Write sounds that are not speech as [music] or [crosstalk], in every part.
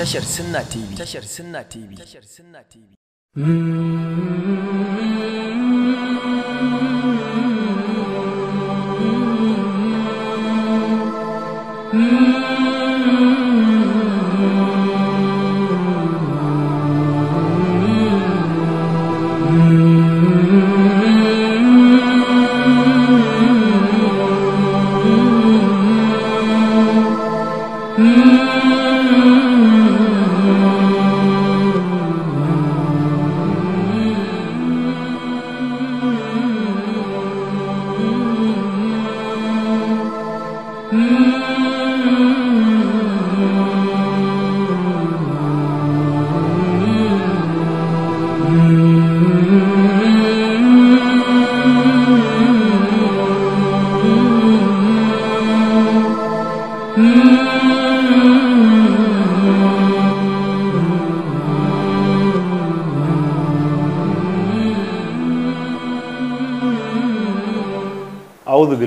tashar sunna tv tashar sunna tv tashar sunna tv hmm.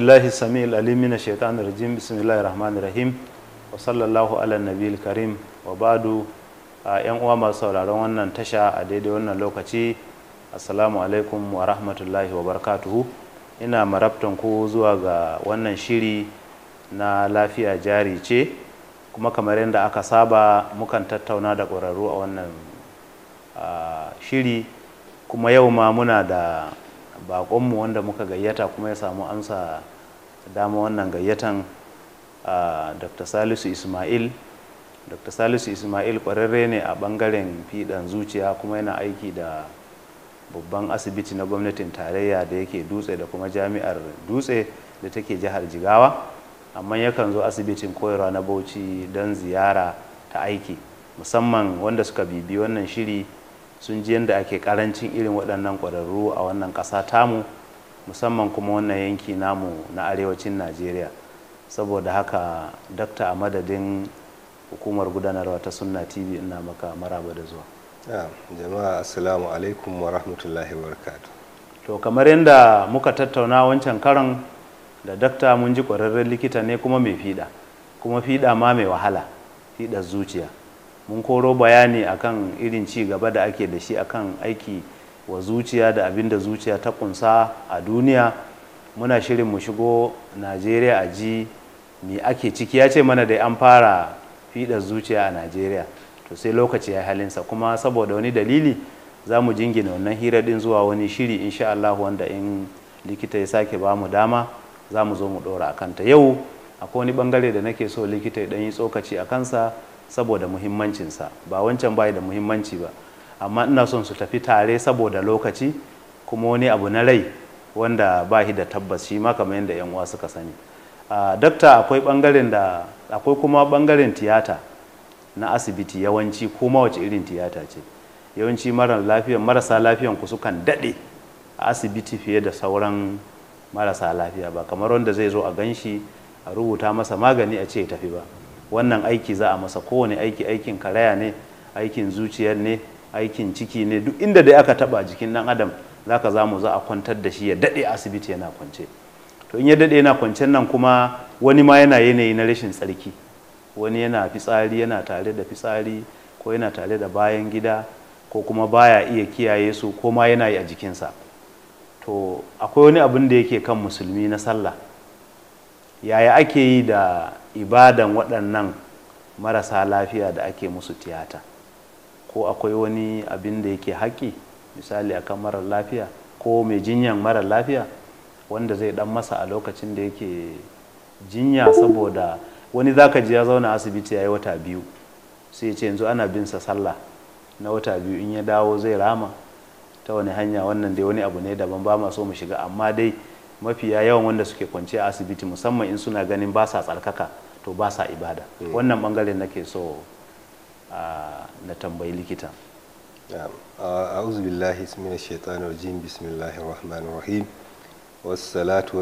sami السميع العليم shaitan rajim الرجيم بسم rahim wa sallallahu ala nabi karim wa ba'du a yan uwa masu sauraron wannan tasha a daidai wannan lokaci assalamu alaikum wa rahmatullahi wa barakatuhu ina marabtan ku zuwa ga wannan shiri na lafiya jari ce kuma kamar yadda aka saba mukan tattauna da ƙwararru a wannan shiri kuma yau ma muna da Bakonmu wanda muka gayyata kuma ya samu amsa dama wannan gayyatan dr salisu ismail dr salisu ismail kwararre ne a bangaren fiɗan zuciya kuma yana aiki da babban asibiti na gwamnatin tarayya da yake dutse da kuma jami'ar dutse da take jihar jigawa amma yakan zo asibitin koyarwa na bauchi don ziyara ta aiki musamman wanda suka bibi wannan shiri sun ji yadda ake karancin irin waɗannan ƙwararru a wannan ƙasa tamu musamman kuma wannan yanki namu na arewacin najeriya saboda haka dakta a madadin hukumar gudanarwa ta sunna tv ina maka maraba da zuwa jama'a assalamu alaikum wa rahmatullahi wa to kamar yadda muka tattauna wancan karan da dakta mun ji ƙwararren likita ne kuma mai fiɗa kuma fiɗa ma mai wahala fiɗa zuciya mun koro bayani akan irin ci gaba da ake da shi akan aiki wa zuciya da abin da zuciya ta kunsa a duniya muna shirin mu shigo najeriya a ji me ake ciki ya ce mana da an fara fiɗa zuciya a najeriya to sai lokaci ya halinsa kuma saboda wani dalili za mu jingina wannan hira ɗin zuwa wani shiri insha Allah wanda in likita ya sake ba mu dama za mu zo mu ɗora a kanta yau akwai wani ɓangare da nake so likita ya ɗan yi tsokaci a kansa saboda muhimmancinsa ba wancan bai da muhimmanci ba amma ina son su tafi tare saboda lokaci kuma wani abu na rai wanda ba shi da tabbas shi ma kamar yadda yan uwa suka sani Dokta akwai bangaren da akwai kuma bangaren tiyata na asibiti yawanci ko wace irin tiyata ce yawanci marasa lafiyan ku sukan daɗe a asibiti fiye da sauran marasa lafiya ba kamar wanda zai zo a ganshi a rubuta masa magani a ce ya tafi ba wannan aiki za a masa kowane aiki aikin karaya ne aikin zuciyar ne aikin ciki ne duk inda dai aka taba jikin dan adam zaka zamu za a kwantar da shi ya dade asibiti yana kwance to in ya daɗe yana kwancen nan kuma wani ma yana yanayi na rashin tsarki wani yana fitsari yana tare da fitsari ko yana tare da bayan gida ko kuma baya iya kiyaye su ko ma yana yi a jikinsa to akwai wani abin da yake kan musulmi na sallah yaya ake yi da ibadan waɗannan marasa lafiya da ake musu tiyata ko akwai wani abin da yake haƙi misali akan marar lafiya ko mai jinyan marar lafiya wanda zai dan masa a lokacin da yake jinya saboda wani zaka ji ya zauna asibiti ya yi wata biyu sai ce yanzu ana bin sa sallah na wata biyu in ya dawo zai rama ta wani hanya wannan dai wani abu ne daban ba ma so mu shiga amma dai mafiya yawan wanda suke kwanciya asibiti musamman in suna ganin ba sa tsarkaka to ba sa ibada hmm. wannan bangaren nake so na tambayi likita wasu salatu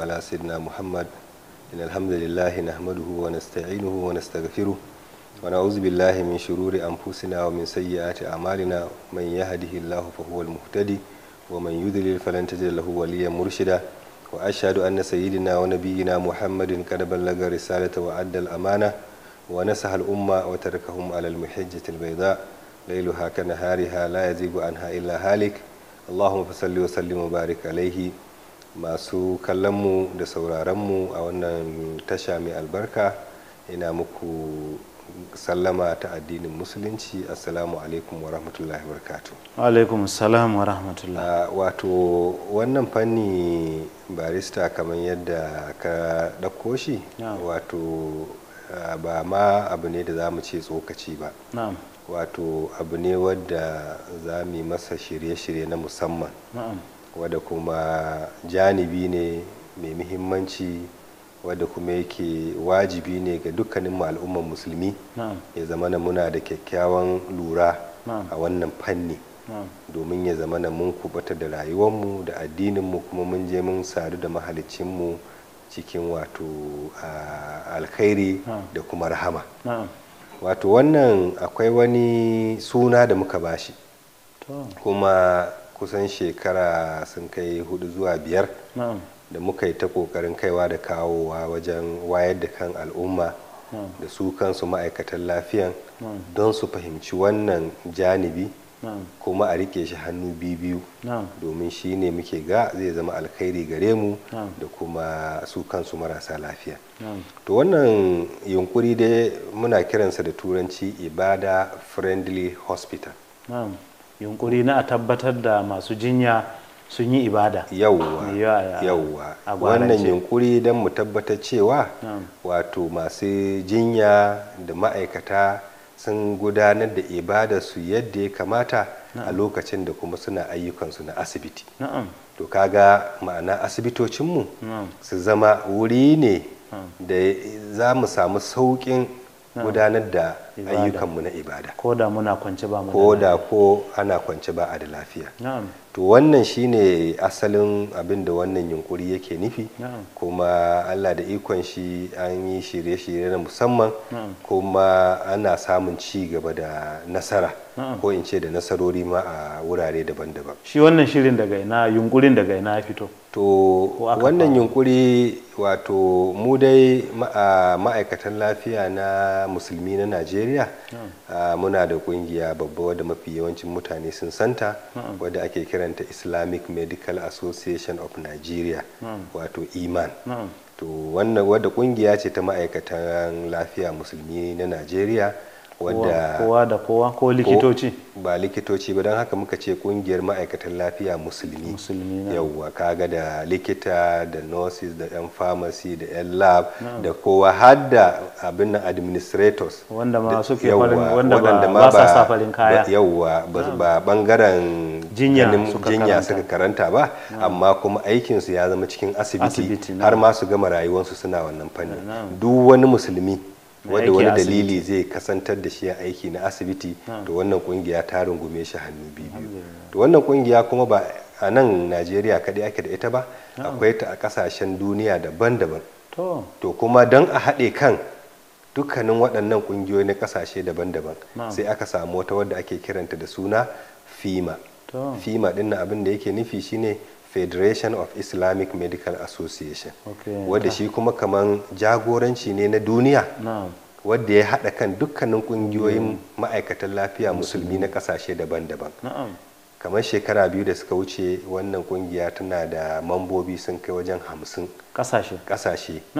ala sidna muhammad in alhamdulillahi na hamadu wa nasta'inuhu wa nastaghfiru wa na'udhu billahi min shururi fusina wa min sayyiati a'malina man yahdihillahu fa huwa al-muhtadi wa man yudlil falan tajid lahu murshida وأشهد أن سيدنا ونبينا محمد قد بلغ رسالة وأدى الأمانة ونسح الأمة وتركهم على المحجة البيضاء ليلها كنهارها لا يزيغ عنها إلا هالك اللهم فصل وسلم وبارك عليه masu kallonmu da sauraronmu a wannan tasha mai albarka ina muku sallama ta addinin musulunci assalamu alaikum wa rahmatullahi wa alaikum salam wa rahmatullahi ah, wato wannan fanni barista kamar yadda ka ɗauko shi wato ah, ba ma abu ne da za mu ce tsokaci ba wato abu ne wadda za mu masa shirye-shirye na musamman wadda kuma janibi ne mai muhimmanci wadda kuma yake wajibi ne ga dukkanin al'umman musulmi ya zamana muna da kyakkyawan lura a wannan fanni domin ya zamana mun kubata da rayuwanmu da addininmu kuma mun je mun sadu da mahalicinmu cikin wato alkhairi da kuma rahama wato wannan akwai wani suna da muka bashi kuma kusan shekara sun kai hudu zuwa biyar da muka yi ta kokarin kaiwa da kawowa wajen wayar da kan al'umma da su kansu ma'aikatan lafiyan don su fahimci wannan janibi kuma a rike shi hannu biyu domin shi ne muke ga zai zama alkhairi gare mu da kuma su kansu marasa lafiya to wannan yunkuri dai muna kiransa da turanci ibada friendly hospital yunkuri na a tabbatar da masu jinya sun yi ibada yawwa yawwa wannan yunkuri don mu tabbata cewa wato masu jinya da ma'aikata sun gudanar da ibada su yadda ya kamata a lokacin da kuma suna ayyukansu na asibiti to kaga ma'ana asibitocinmu su zama wuri ne da za mu samu sauƙin gudanar da ayyukanmu na ibada ko da muna kwance ba mu ko da ko ana kwance ba a da lafiya to wannan shine asalin abin da wannan yunkuri yake nufi kuma allah da ikon shi an yi shirye-shirye na musamman kuma ana samun ci gaba da nasara ko in ce da nasarori ma a wurare daban-daban shi wannan shirin daga ina yunkurin daga ina ya fito to wannan yunkuri wato mu dai ma'aikatan lafiya na musulmi na najeriya muna da kungiya babba wadda mafi yawancin mutane sun santa wadda ake kiranta islamic medical association of nigeria wato iman to wannan wadda kungiya ce ta ma'aikatan lafiya musulmi na najeriya kowa da kowa ko likitoci ba likitoci ba don haka muka ce kungiyar ma'aikatan lafiya musulmi musulmi kaga da likita da nurses da yan pharmacy da yan lab da kowa har abin nan administrators wanda ma ke farin wanda ba sa safarin kaya yawwa ba bangaren jinya suka karanta ba amma kuma aikinsu ya zama cikin asibiti har ma su gama rayuwarsu suna wannan fanni duk wani musulmi wanda wani dalili zai kasantar da shi a aiki na asibiti to wannan kungiya ta rungume shi hannu biyu to wannan kungiya kuma ba a nan najeriya kadai ake da ita ba akwai ta a kasashen duniya daban-daban to kuma don a haɗe kan dukkanin waɗannan ƙungiyoyi na ƙasashe daban-daban sai aka samu wata wadda ake kiranta da suna fima fima ɗin abin da yake nufi shine federation of islamic medical association wadda shi kuma kaman jagoranci ne na duniya wadda ya haɗa kan dukkanin ƙungiyoyin mm. ma'aikatan lafiya musulmi na ƙasashe daban-daban kamar shekara biyu da suka wuce wannan ƙungiya tana da mambobi sun kai wajen hamsin kasashe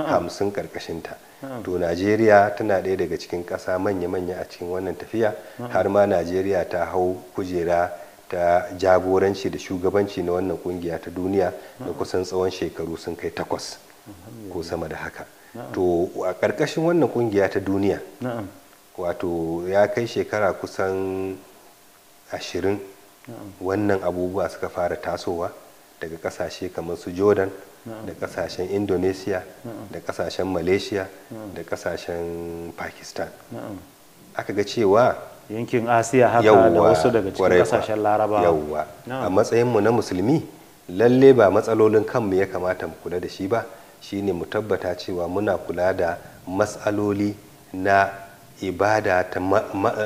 hamsin ƙarƙashinta. to najeriya tana ɗaya daga cikin ƙasa manya-manya a cikin wannan tafiya har ma najeriya ta hau kujera ta jagoranci da shugabanci na wannan kungiya ta duniya da kusan tsawon shekaru sun kai takwas ko sama da haka to a ƙarƙashin wannan kungiya ta duniya wato ya kai shekara kusan ashirin wannan abubuwa suka fara tasowa daga ƙasashe kamar su jordan da ƙasashen indonesia da ƙasashen malaysia da ƙasashen pakistan aka ga cewa yankin asiya haka da wasu daga cikin kasashen larabawa yawwa a matsayinmu na musulmi lalle ba matsalolin kanmu ya kamata mu kula da shi ba shine mu tabbata cewa muna kula da matsaloli na ibada ta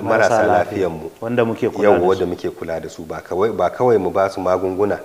marasa lafiyanmu wanda muke kula yawwa muke kula da su ba kawai mu ba su magunguna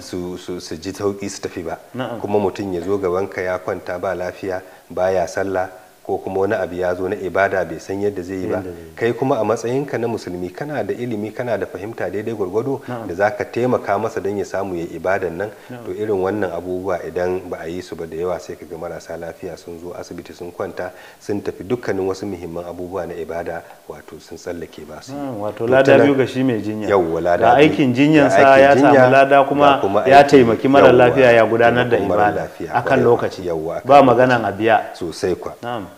su ji tauki su tafi ba kuma mutum ya zo gaban ka ya kwanta ba lafiya baya sallah ko kuma wani abu ya zo na ibada bai san yadda zai yi ba kai kuma a matsayinka na musulmi kana da ilimi kana da fahimta daidai gwargwado da za ka taimaka masa don ya samu ya ibadan nan to irin wannan abubuwa idan ba a yi su ba da yawa sai ka ga marasa lafiya sun zo asibiti sun kwanta sun tafi dukkanin wasu muhimman abubuwa na ibada wato sun tsallake ba su wato lada biyu ga shi mai jinya yawwa lada aikin sa ya samu lada kuma ya taimaki mara lafiya ya gudanar da ibada akan lokaci ba maganan a sosai kwa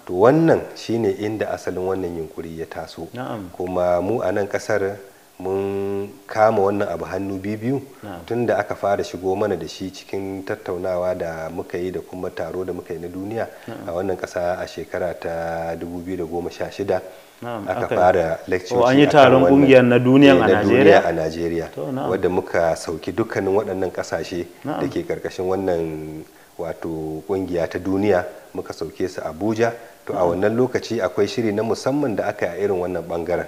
to wannan shine inda asalin wannan yunkuri ya taso kuma mu a nan kasar mun kama wannan abu hannu biyu tun da aka fara shigo mana da shi cikin tattaunawa da muka yi da kuma taro da muka yi na duniya a wannan kasa a shekara ta 2016 aka fara lecture an yi taron kungiyar na eh, duniya a Najeriya wadda muka sauki dukkanin waɗannan ƙasashe. da ke karkashin wannan wato ƙungiya ta duniya muka sauke su Abuja to a wannan lokaci akwai shiri na musamman da aka yi a irin wannan bangaren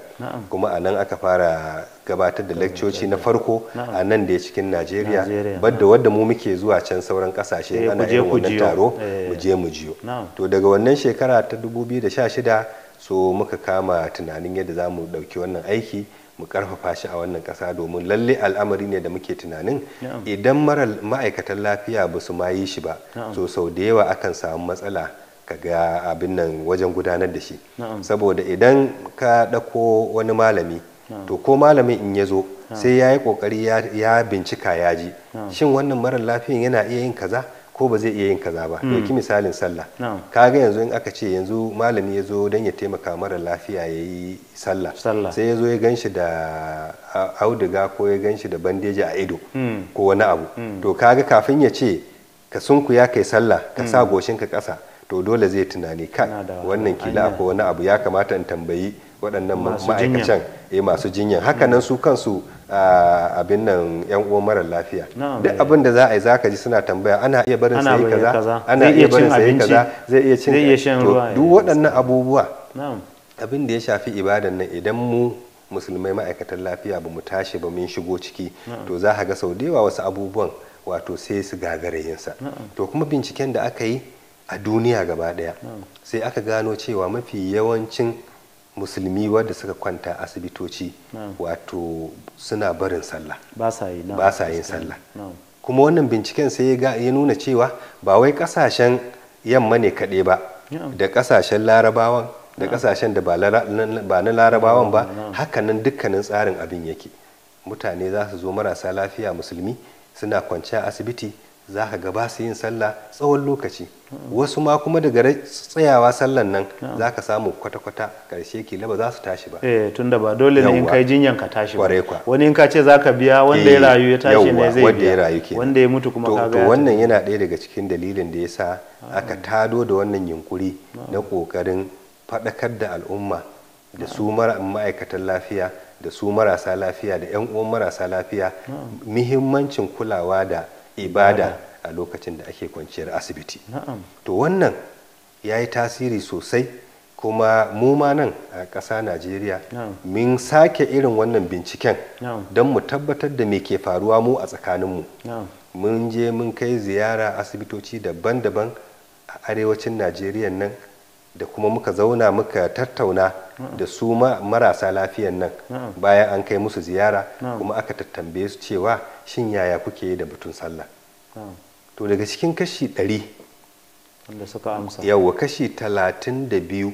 kuma a nan aka fara gabatar da lekcoci na farko a nan da ya cikin najeriya badda wadda mu muke zuwa can sauran kasashe eh, ana irin wannan taro eh. mu je mu jiyo to daga wannan shekara ta 2016 so muka kama tunanin yadda za mu ɗauki wannan aiki mu karfafa shi a wannan kasa domin lalle al'amari ne da muke tunanin idan mara ma'aikatan lafiya ba su ma yi shi ba so sau da yawa akan samu matsala ka ga abin nan wajen gudanar da shi saboda idan ka ɗauko wani malami to ko malamin in ya zo sai ya yi ƙoƙari ya bincika ya ji shin wannan marar lafiyan yana iya yin kaza ko ba zai iya yin kaza ba hmm. ɗauki misalin sallah kaga yanzu in aka ce yanzu malami ya zo don ya taimaka marar lafiya ya yi sallah sai ya zo ya gan da auduga ko ya ganshi shi da bandeji a ido hmm. ko wani abu hmm. to kaga kafin ya ce ka sunku ya kai sallah ka sa goshin ka ƙasa to dole zai tunani kan wannan kila ko wani abu ya kamata in tambayi waɗannan ma'aikacin eh masu jinyan hakanan su kansu abin nan yan uwan mara lafiya duk abin da za a yi za ka ji suna tambaya ana iya barin sayi kaza ana iya barin sayi kaza zai iya cin duk eh. waɗannan abubuwa abin da ya shafi ibadan nan idan mu musulmai ma'aikatan lafiya ba mu tashi ba mun shigo ciki to za ka ga sau da yawa wasu abubuwan wato sai su gagare yinsa to kuma binciken da aka yi a duniya gaba daya hmm. sai aka gano cewa mafi yawancin musulmi wadda suka kwanta asibitoci hmm. wato suna barin sallah ba sa yin sallah kuma wannan binciken sai ya nuna cewa ba wai kasashen yamma ne kaɗai ba da kasashen larabawan da kasashen da ba na larabawan ba hakanan dukkanin tsarin abin yake mutane za su zo marasa lafiya musulmi suna kwanciya asibiti za ka gaba su yin sallah tsawon lokaci wasu ma kuma daga tsayawa sallan nan za ka samu kwata-kwata karshe ke laba za su tashi ba eh tunda ba dole ne in kai jinyan ka tashi ba wani in ka ce za ka biya wanda ya eh, rayu ya tashi ne zai biya wanda ya mutu kuma ka to wannan yana ɗaya daga cikin dalilin da ya sa ah. aka tado da wannan yunkuri na ƙoƙarin faɗakar da al'umma da su ma'aikatan lafiya da su marasa lafiya da 'yan uwan marasa lafiya muhimmancin kulawa da ibada a lokacin da ake kwanciyar asibiti to wannan ya yi tasiri sosai kuma mu ma nan a ƙasa najeriya min sake irin wannan binciken don mu tabbatar da me ke faruwa mu a tsakaninmu mun je mun kai ziyara asibitoci daban-daban a arewacin najeriya nan da kuma muka zauna muka tattauna da su marasa lafiyan nan bayan an kai musu ziyara kuma aka tattambe su cewa shin yaya kuke yi da batun sallah hmm. to daga cikin kashi ɗari wanda suka amsa yawa kashi talatin da biyu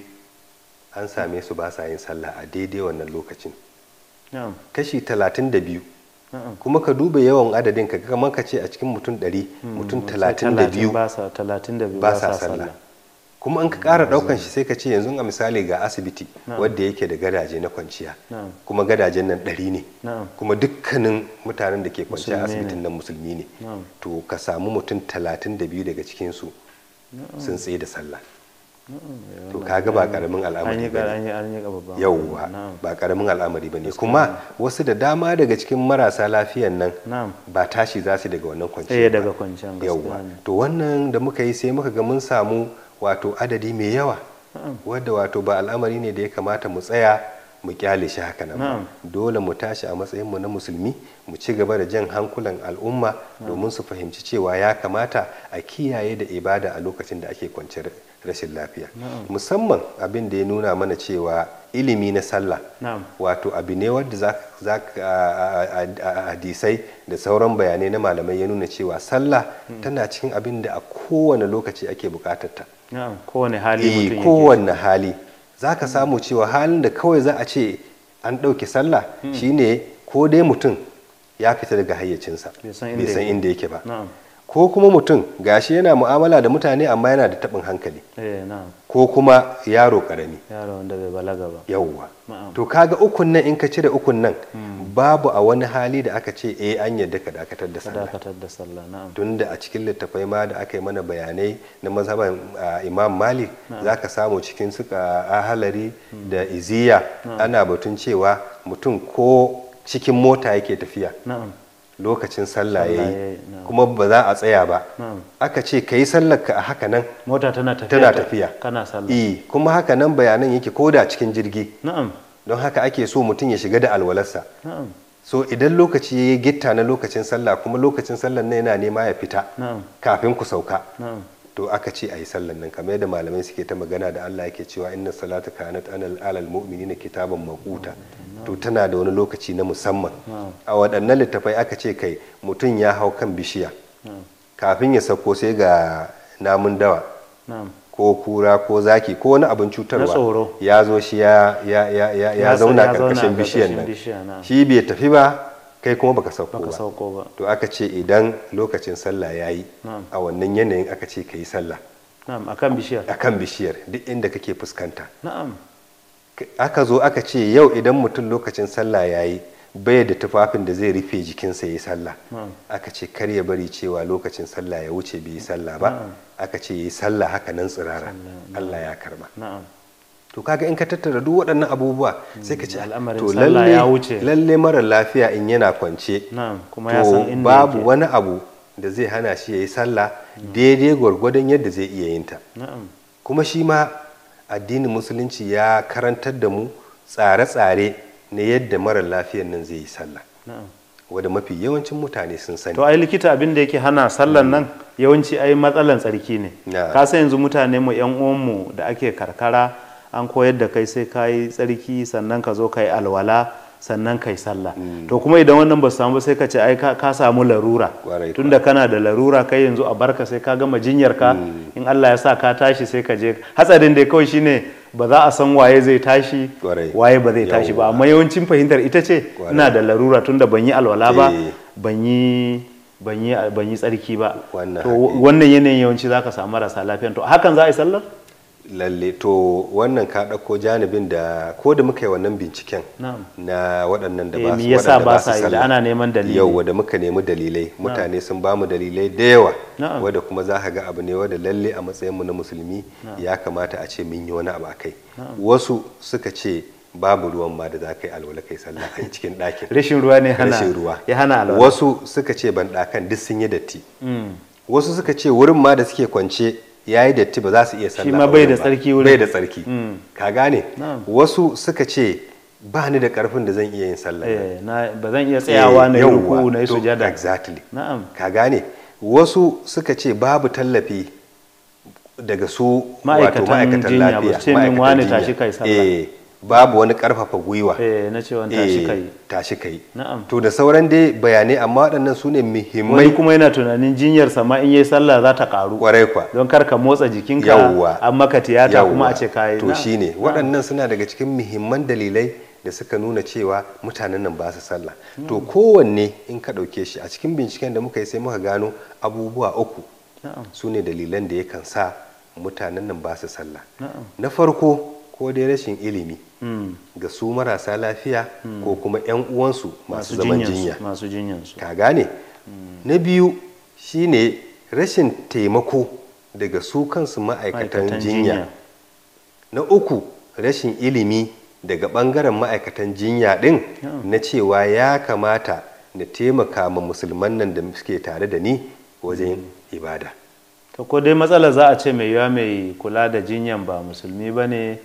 an same su ba sa yin sallah a daidai wannan lokacin hmm. kashi talatin da biyu hmm. kuma ka duba yawan adadin ka kamar ka ce a cikin mutum ɗari mutum talatin da biyu ba sa sallah kuma in ka ƙara ɗaukan shi sai ka ce yanzu a misali ga asibiti wadda yake da gadaje na kwanciya kuma gadajen nan ɗari ne kuma dukkanin mutanen da ke kwanciya asibitin nan musulmi ne to ka samu mutum talatin da biyu daga cikinsu sun tsaye da sallah eh, to kaga ba karamin al'amari ba yauwa ba karamin al'amari ba ne kuma wasu da dama daga cikin marasa lafiyan nan ba tashi za su daga wannan kwanciya eh, yauwa to wannan da muka yi sai muka ga mun samu wato adadi mai yawa wadda wato ba al'amari ne da ya kamata mu tsaya mu kyale shi haka nan dole mu tashi a matsayin mu na musulmi mu ci gaba da jan hankulan al'umma domin su fahimci cewa ya kamata a kiyaye da ibada a lokacin da ake kwanciyar rashin lafiya musamman abin da ya nuna mana cewa ilimi na sallah wato abu ne wadda za hadisai da sauran bayanai na malamai ya nuna cewa sallah hmm. tana cikin abin da a kowane lokaci ake bukatarta kowane hali eh, kowane hali za ka hmm. samu cewa halin da kawai za a ce an ɗauke sallah hmm. shine ko dai mutum ya fita daga hayyacinsa bai san inda yake ba ko kuma mutum gashi yana mu'amala da mutane amma yana da taɓin hankali eh, ko kuma yaro ƙarami yaro wanda bai balaga ba yawwa to kaga ukun nan in ka cire ukun nan hmm. babu a wani hali da aka ce eh an yadda ka dakatar da sallah dakatar da sallah na'am tunda a cikin littafai ma da aka yi mana bayanai na mazhaban Imam Malik zaka samu cikin su ahalari hmm. da iziya ana batun cewa mutum ko cikin mota yake tafiya na'am lokacin sallah ya yayi eh, kuma ba za a tsaya ba aka ce ka yi sallarka a haka nan mota tana tafiya kana sallah E, kuma haka nan bayanan yake da cikin jirgi don haka ake so mutum ya shiga da alwalarsa so idan lokaci ya yi gitta na lokacin sallah kuma lokacin sallar na yana nema ya fita kafin ku sauka to aka ce a yi sallan nan kamar yadda malamai suke ta magana da Allah yake cewa inna salata kanat anal alal mu'minina kitaban maquta to tana da wani lokaci na musamman a waɗannan littafai aka ce kai mutum ya hau kan bishiya kafin ya sako sai ga namun dawa ko kura ko zaki ko wani abin cutarwa ya zo shi ya zauna karkashin bishiyan nan shi bai tafi ba kai kuma baka sauko ba to aka ce idan lokacin sallah ya yi a wannan yanayin aka ce ka yi sallah A kan bishiyar duk inda kake fuskanta aka zo aka ce yau idan mutum lokacin sallah ya yi bai da tufafin da zai rufe jikinsa ya yi sallah aka ce kar ya bari cewa lokacin sallah ya wuce bai yi sallah ba aka ce ya yi sallah haka nan tsirara allah ya karba to kaga in ka tattara duk waɗannan abubuwa sai ka ce mm, al'amarin sallah ya wuce lalle mara lafiya in yana kwance kuma ya san inda babu wani abu da zai hana shi ya yi sallah daidai gwargwadon yadda zai iya yin ta kuma shi ma addinin musulunci ya karantar da mu tsare-tsare na yadda mara lafiyan nan zai yi sallah wadda mafi yawancin mutane sun sani to ai likita abin da yake hana sallan mm. nan yawanci ai matsalan tsarki ne ka san yanzu mutane mu yan mu da ake karkara an koyar da kai sai ka yi tsarki sannan ka zo ka yi alwala sannan ka yi sallah mm. to kuma idan wannan ba samu sai ka ce ai ka samu larura tunda kana da larura kai yanzu a barka sai ka gama jinyar ka mm. in Allah ya sa ka tashi sai ka je hatsarin da kawai shine ba za a san waye zai tashi waye ba zai tashi ba amma yawancin fahimtar ita ce ina da larura tunda ban yi alwala ba eh. ban yi ban yi tsarki ba to wannan yanayin yawanci zaka samu marasa lafiya to hakan za a yi sallar lalle to wannan ka ɗauko janibin da ko da muka yi wannan binciken na waɗannan da eh, ba su sallah ana neman dalilai yau da muka nemi dalilai mutane sun bamu dalilai da yawa wanda kuma za ka ga abu ne wanda lalle a matsayin mu na musulmi ya kamata a ce mun yi wani abu akai wasu suka ce babu ruwan ma da za ka yi alwala kai sallah a [laughs] cikin ɗakin rashin ruwa ne hana rashin ruwa ya hana alwala wasu suka ce ban ɗakan duk sun yi datti mm. wasu suka ce wurin ma da suke kwance ya yi datti ba za su iya sallah shi bai da tsarki bai da tsarki ka gane wasu suka ce ba ni da karfin da zan iya yin sallah ba eh, zan iya tsayawa na yi eh, ruku na yi sujada exactly na'am ka gane wasu suka ce babu tallafi daga su ma'aikatan lafiya ma'aikatan jinya ba su ce min wani tashi kai sallah eh, babu wani karfafa gwiwa eh, na cewa tashi eh, tashi kai to da sauran dai bayanai amma waɗannan su ne muhimmai wani kuma yana tunanin jinyar sama in yi sallah za ta karu kwarai kwa don kar ka motsa jikinka yawwa an maka tiyata kuma a ce kayi. to shine waɗannan suna daga cikin muhimman dalilai da suka nuna cewa mutanen nan ba su sallah hmm. to kowanne in ka ɗauke shi a cikin binciken da muka yi sai muka gano abubuwa uku su ne dalilan da yakan sa mutanen nan ba su sallah na farko ko dai rashin ilimi hmm. ga su marasa lafiya hmm. ko kuma 'yan uwansu masu zaman jinya masu jinyansu ka gane hmm. na biyu shine rashin taimako daga su kansu ma'aikatan jinya na uku rashin ilimi daga bangaren ma'aikatan jinya din na cewa ya kamata na taimaka ma musulman nan da suke tare da ni wajen ibada ko dai matsala za a ce mai yiwa mai kula da jinyan ba musulmi ba ne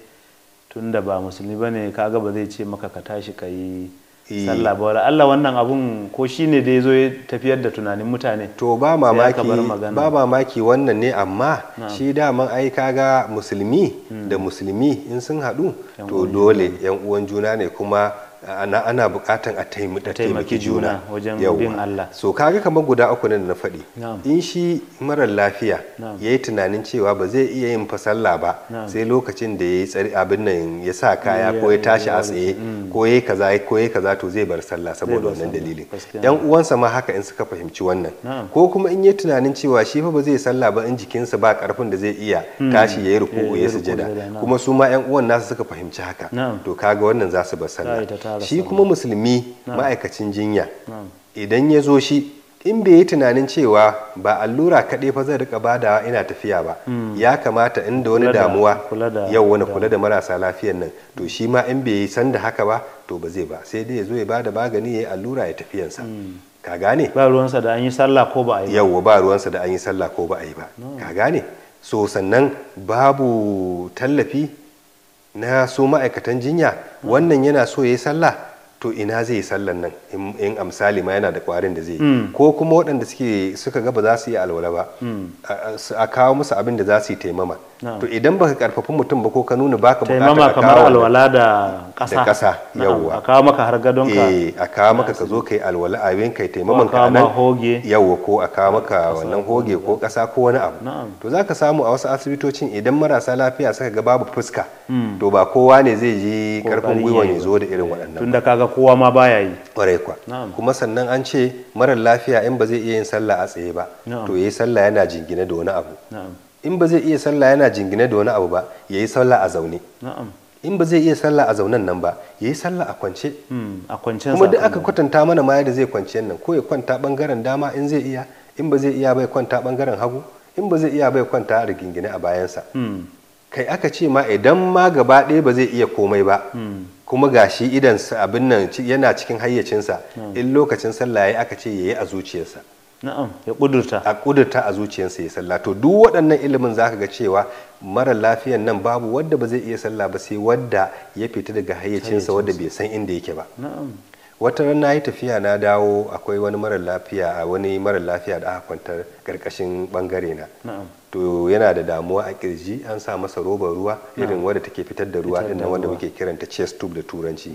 tunda ba musulmi bane kaga ba zai ce maka ka tashi ka yi eh. sallah ba Allah wannan abun ko shine da yazo ya tafiyar da tunanin mutane to ba mamaki ba mamaki wannan ne amma shi daman ai kaga musulmi hmm. da musulmi in sun hadu? to dole yan uwan juna ne kuma ana ana bukatan a taimaki juna wajen bin Allah so kaga kamar guda uku ne na faɗi in shi marar lafiya ya yi tunanin cewa ba zai iya yin fasalla ba sai lokacin da ya yi tsari abin nan ya sa kaya ko ya tashi a tsaye mm. ko ya kaza ko ya kaza to zai bar sallah saboda wannan dalilin yan uwansa ma haka in suka fahimci wannan ko kuma in ya tunanin cewa shi fa ba zai sallah ba in jikinsa ba karfin da zai iya mm. tashi ya yi ruku'u ya sujada kuma su ma yan uwan nasu suka fahimci haka to kaga wannan za su bar sallah shi kuma musulmi ma'aikacin jinya idan ya zo shi in bai yi tunanin cewa ba allura kaɗai fa zai rika badawa ina tafiya ba hmm. ya kamata inda wani damuwa yau wani kula da marasa lafiyan nan to shi ma in bai yi san da haka ba to ba zai ba sai dai ya zo ya bada magani ya yi allura ya tafiyansa hmm. ka gane ba ruwansa da an yi sallah ko ba a yi ba. yau ba ruwansa da an yi sallah ko ba a yi ba ka gane so sannan babu tallafi na so ma'aikatan jinya wannan yana so ya yi sallah to ina zai yi sallan nan in a misali ma yana da kwarin da zai hmm. ko kuma waɗanda suke suka ga ba za su yi alwala ba hmm. a kawo musu abin da za su yi taimama to idan baka karfafi mutum ba ko ka nuna baka bukata taimama kamar alwala da kasa da kasa yawa a kawo maka har gadon ka eh a kawo maka ka zo kai alwala a yin kai taimaman ka nan yawa yawwa ko a kawo maka wannan hoge ko kasa ko wani abu to zaka samu a wasu asibitocin idan marasa lafiya suka ga babu fuska hmm. to ba kowa ne zai ji karfin gwiwa ne zo da irin waɗannan tunda kaga kowa ma baya yi kwarai kwa kuma sannan an ce marar lafiya in ba zai iya yin sallah a tsaye ba to yayi sallah yana jingine da wani abu in ba zai iya sallah yana jingine da wani abu ba ya yi sallah a zaune in ba zai iya sallah a zaunen nan ba ya yi sallah a kwance hmm, kuma duk aka kwatanta mana ma da zai kwance nan ko ya kwanta bangaren dama in zai iya in ba zai iya bai kwanta bangaren hagu in ba zai iya bai kwanta a rigingine a bayansa hmm. kai aka ce ma idan ma gaba ɗaya ba zai iya komai ba hmm. kuma gashi idan abin nan yana cikin hayyacinsa in lokacin sallah ya aka ce ya yi a zuciyarsa na'am ya kudurta a kudurta a zuciyarsa ya sallah to duk waɗannan ilimin zaka ga cewa mara lafiyan nan babu wadda ba zai iya sallah ba sai wadda ya fita daga hayyacinsa wadda bai san inda yake ba na'am wata ran yi tafiya na dawo akwai wani mara lafiya a wani mara lafiya da aka kwantar karkashin bangare na to yana da damuwa a kirji an sa masa robar ruwa irin wadda take fitar da ruwa din wanda muke kiranta chest tube da turanci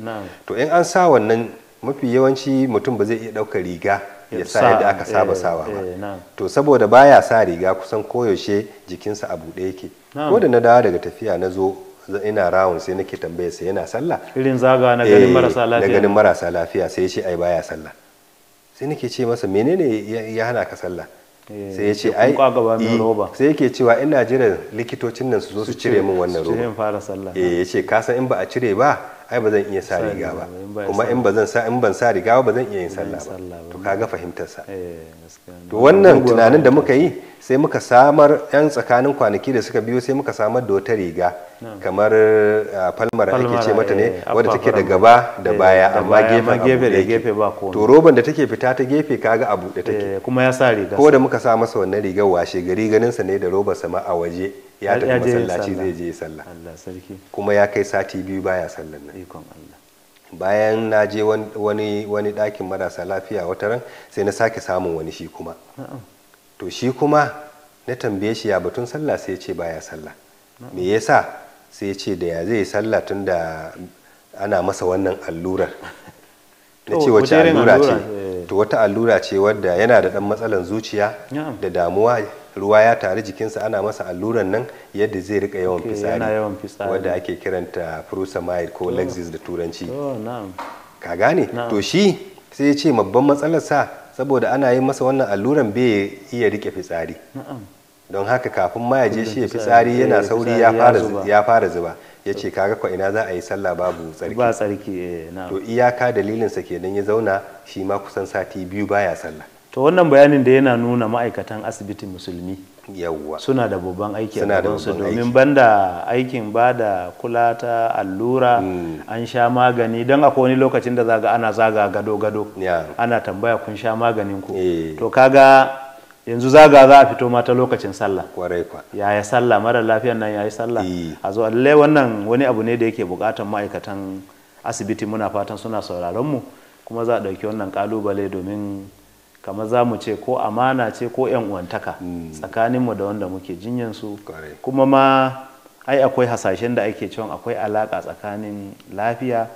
to in an sa wannan mafi yawanci mutum ba zai iya ɗaukar riga ya sa yadda aka saba eh, sawa ba eh, to saboda baya sa riga kusan koyaushe jikinsa a buɗe yake ko da na dawo daga tafiya na zo ina rawun sai nake tambaye sai yana sallah irin zaga na ganin eh, marasa lafiya na ganin marasa lafiya sai ya ce ai baya sallah sai nake ce masa menene ya hana ka sallah Eh, sai ya ce ai eh, sai yake cewa ina jiran likitocin nan su zo su cire min wannan roba eh ya ce kasan in ba a cire ba ai ba zan iya sa riga ba kuma in ba sa in ban sa riga ba zan iya yin sallah ba to kaga fahimtar sa eh, to wannan tunanin da muka yi sai muka samar yan tsakanin kwanaki da suka biyo sai muka samar da wata riga kamar falmar ah, ake ce mata ne eh, eh, wadda take da gaba da baya amma gefe da gefe ba ko to roban da take fita ta gefe kaga abu da take eh, kuma ya sa riga ko da muka sa masa wannan rigar washe gari ganin sa ne da robar sama a waje ya tafi masallaci zai je sallah Allah sarki kuma ya kai sati biyu baya sallan nan ikon Allah bayan na je wani wani dakin marasa lafiya wata ran sai na sake samun wani shi kuma to shi kuma na tambaye shi ya batun sallah sai ce ya sallah me yasa sai ce da ya zai sallah tun da ana masa wannan allurar na ce wace allura ce eh. to wata allura ce wadda yana da dan matsalan zuciya da damuwa ruwa ya taru jikinsa ana masa alluran nan yadda zai rika yawan fitsari wadda ake kiranta prusamide ko laxis da turanci ka gane to shi sai ya ce babban sa. saboda ana yi masa wannan alluran bai iya rike fitsari don haka kafin ma ya je shi ya fitsari yana eh, sauri ya fara zuba ya ce kaga ko ina za a yi sallah babu tsarki tsarki eh, to iyaka dalilinsa kenan ya zauna shi ma kusan sati biyu baya sallah to wannan bayanin da yana nuna ma'aikatan asibitin musulmi yawwa suna da babban aiki a gabansu domin banda aikin ba da kula ta allura mm. an sha magani don akwai wani lokacin da zaga ana zaga gado-gado ana tambaya kun sha maganin ku eh. to kaga yanzu zaga za a fito mata lokacin sallah yaya sallah mara lafiyan nan yayi sallah eh. a zo lallai wannan wani abu ne da yake bukatan ma'aikatan asibiti muna fatan suna sauraron mu kuma za a ɗauki wannan kalubale domin kamar za mu ce ko amana ce ko yan uwantaka hmm. tsakaninmu da wanda muke jinyansu kuma ma ai akwai hasashen da ake cewa akwai alaka tsakanin lafiya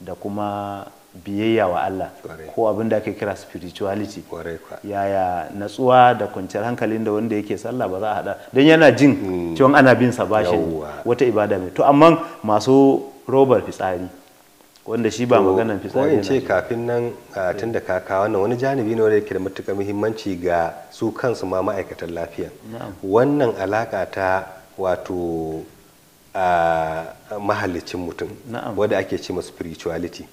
da kuma biyayya wa Allah ko abin da ake kira spirituality yaya natsuwa da kwanciyar hankalin da wanda yake sallah ba za a hada don yana jin hmm. cewa ana bin sa bashin wata ibada mai to amma masu robar fitsari wanda shi ba maganan fitsari ko ce kafin nan eh. tun da kaka wannan wani janibi ne wanda yake da matuƙar muhimmanci ga su kansu ma ma'aikatan lafiya wannan alaka ta wato a mahallicin mutum wadda ake ce masu spirituality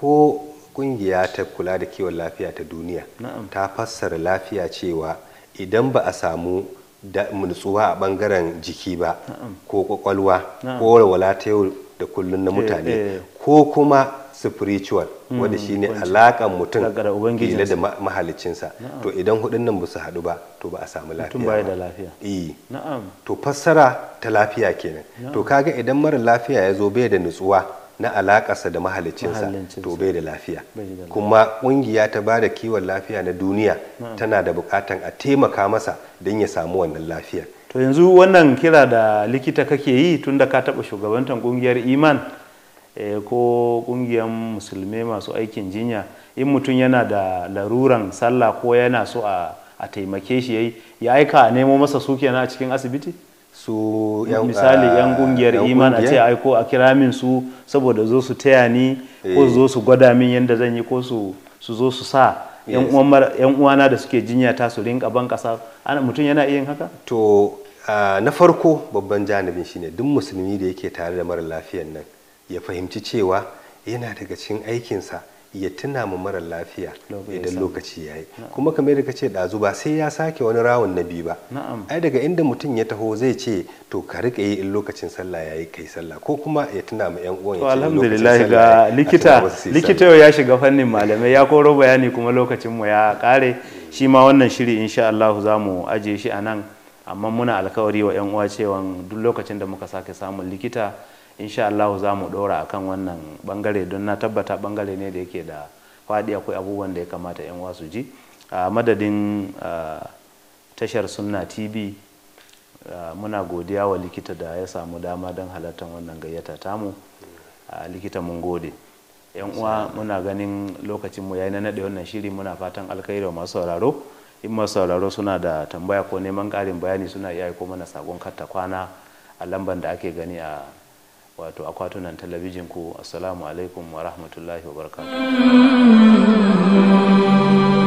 ko ƙungiya ta kula da kiwon lafiya ta duniya ta fassara lafiya cewa idan ba a samu nutsuwa a bangaren jiki ba ko ƙwaƙwalwa ko walwala ta yau da kullum na eh, mutane eh. ko kuma spiritual hmm, wanda shine alakan mutum kila da mahalicinsa to idan hudun nan su haɗu ba to ba a samu lafiya ba da lafiya eh. na'am to fassara ta lafiya kenan to kaga idan mara lafiya ya zo bai da nutsuwa na alakarsa da mahalicinsa to bai da lafiya kuma kungiya ta ba da kiwon lafiya na duniya tana da bukatan a taimaka masa don ya samu wannan lafiyar to yanzu wannan kira da likita kake yi tun da ka taɓa shugabantar ƙungiyar iman eh, ko ƙungiyar musulmi masu aikin jinya in mutum yana da laruran sallah ko yana so a, taimake shi yayi ya aika a nemo masa su kenan a cikin asibiti su misali yan kungiyar iman a ce aiko a kira min su saboda zo su taya ni ko eh. zo su gwada min yadda zan yi ko su zo su sa yan uwana da suke jinya ta su rinka ban kasa ana mutum yana iya haka to na farko babban janibin shine duk musulmi da yake tare da mara lafiyan nan ya fahimci cewa yana daga cikin aikinsa ya tuna mu mara lafiya idan lokaci ya yi kuma kamar yadda ce ɗazu ba sai ya sake wani rawun na biyu ba ai daga inda mutum ya taho zai ce to ka riƙa yi in lokacin sallah ya yi kai sallah ko kuma ya tuna mu yan uwan ya ce alhamdulillah ga likita likita ya shiga fannin malamai ya koro bayani kuma lokacin mu ya kare shi ma wannan shiri insha Allah za mu ajiye shi a nan amma muna alkawari wa yan uwa cewa duk lokacin da muka sake samun likita insha Allah za mu dora akan wannan bangare don na tabbata bangare ne da yake da faɗi akwai abubuwan da ya kamata 'yan wasu ji a madadin tashar sunna tv muna godiya wa likita da ya samu dama don halartar wannan gayyata tamu likita mun gode yan uwa muna ganin lokacin mu yayi na nade wannan shiri muna fatan alkhairi wa masu sauraro in masu sauraro suna da tambaya ko neman ƙarin bayani suna iya aiko mana sakon katta kwana a lamban da ake gani a wato akwatunan talabijin ku assalamu alaikum wa rahmatullahi wa barakatuh